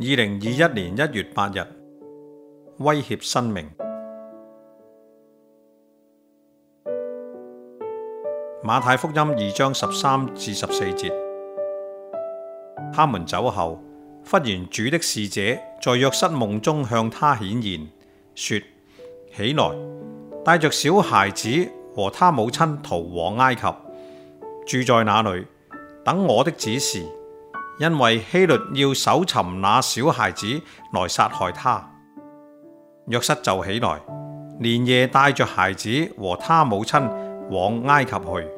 二零二一年一月八日，威脅生命。馬太福音二章十三至十四節，他們走後，忽然主的使者在約瑟夢中向他顯現，說：起來，帶着小孩子和他母親逃往埃及，住在那裏，等我的指示。因為希律要搜尋那小孩子來殺害他，約瑟就起來，連夜帶着孩子和他母親往埃及去。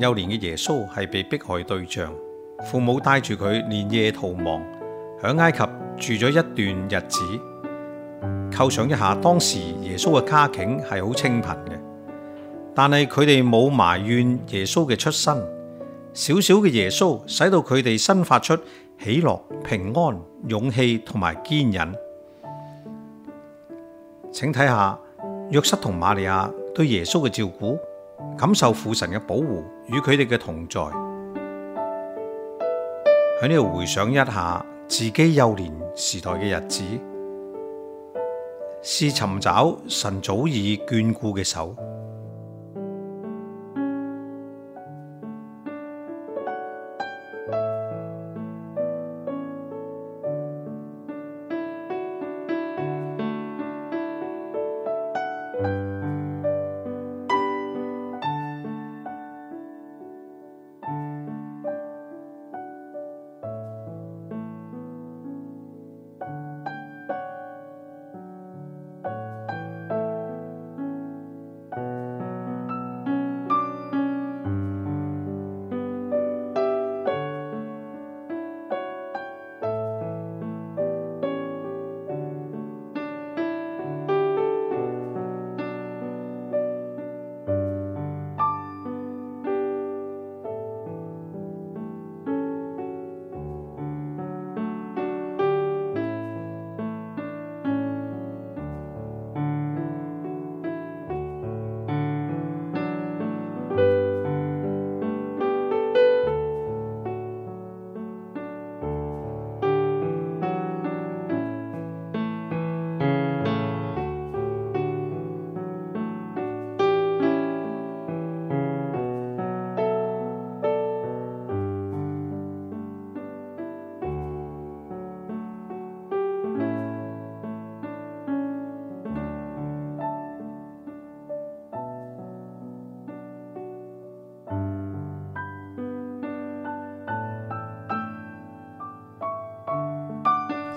幼年嘅耶穌係被迫害對象，父母帶住佢連夜逃亡，響埃及住咗一段日子。構想一下，當時耶穌嘅家境係好清貧嘅，但係佢哋冇埋怨耶穌嘅出身，小小嘅耶穌使到佢哋生發出喜樂、平安、勇氣同埋堅忍。請睇下約瑟同瑪利亞對耶穌嘅照顧。感受父神嘅保護，與佢哋嘅同在，喺呢度回想一下自己幼年時代嘅日子，試尋找神早已眷顧嘅手。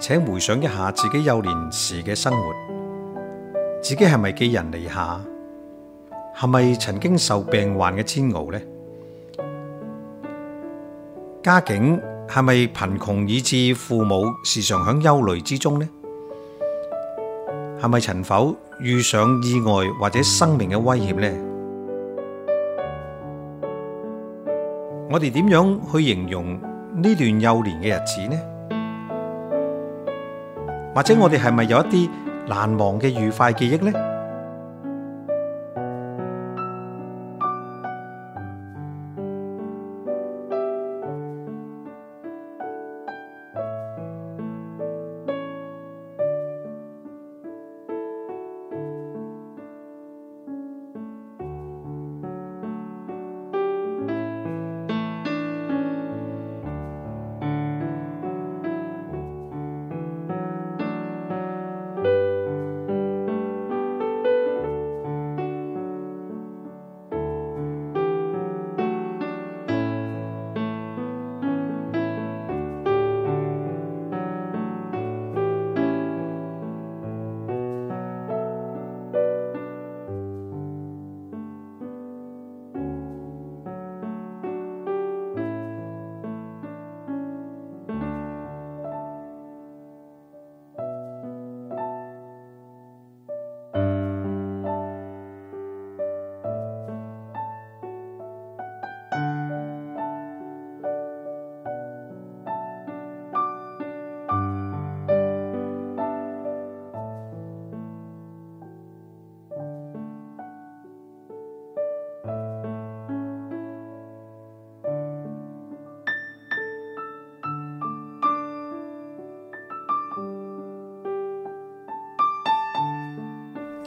請回想一下自己幼年時嘅生活，自己係咪寄人籬下？係咪曾經受病患嘅煎熬呢？家境係咪貧窮以致父母時常響憂慮之中呢？係咪曾否遇上意外或者生命嘅危險呢？我哋點樣去形容呢段幼年嘅日子呢？或者我哋係咪有一啲難忘嘅愉快記憶咧？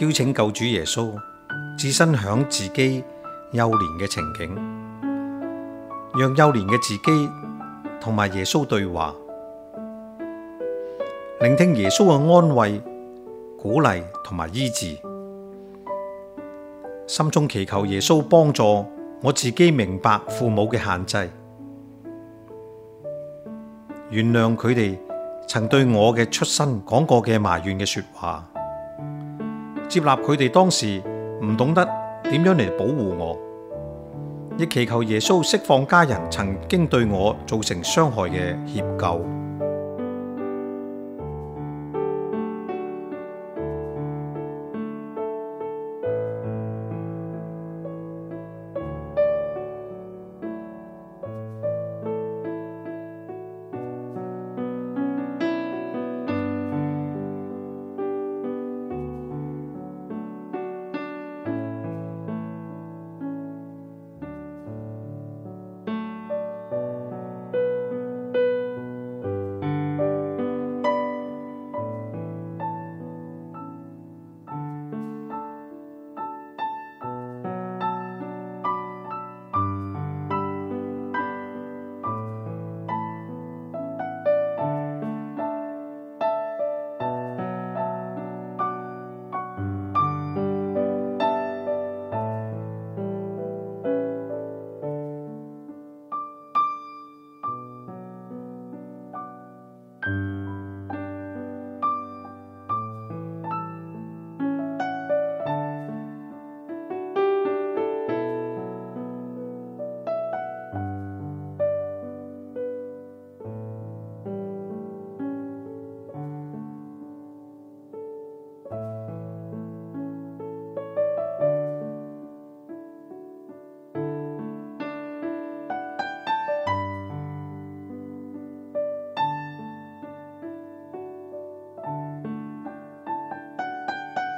邀請救主耶穌，置身響自己幼年嘅情景，讓幼年嘅自己同埋耶穌對話，聆聽耶穌嘅安慰、鼓勵同埋醫治，心中祈求耶穌幫助我自己明白父母嘅限制，原諒佢哋曾對我嘅出身講過嘅埋怨嘅說話。接納佢哋當時唔懂得點樣嚟保護我，亦祈求耶穌釋放家人曾經對我造成傷害嘅歉疚。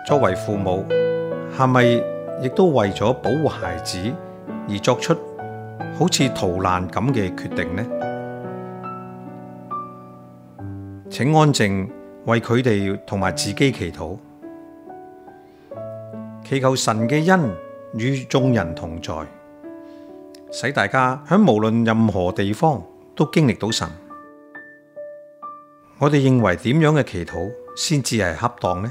作為父母，係咪亦都為咗保護孩子而作出好似逃難咁嘅決定呢？請安靜，為佢哋同埋自己祈禱，祈求神嘅恩與眾人同在，使大家響無論任何地方都經歷到神。我哋認為點樣嘅祈禱先至係恰當呢？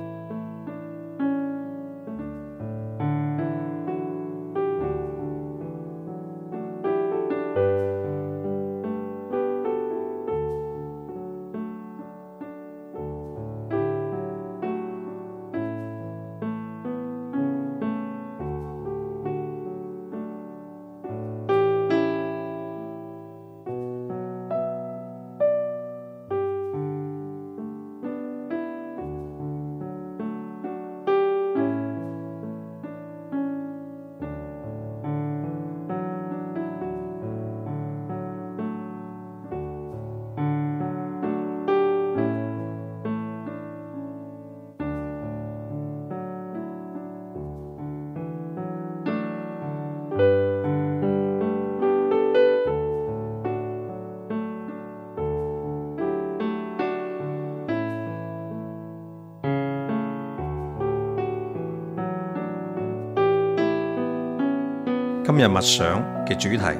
今日默想嘅主題：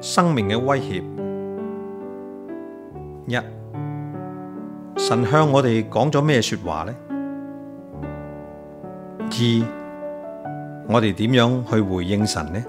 生命嘅威脅。一，神向我哋講咗咩說話呢？二，我哋點樣去回應神呢？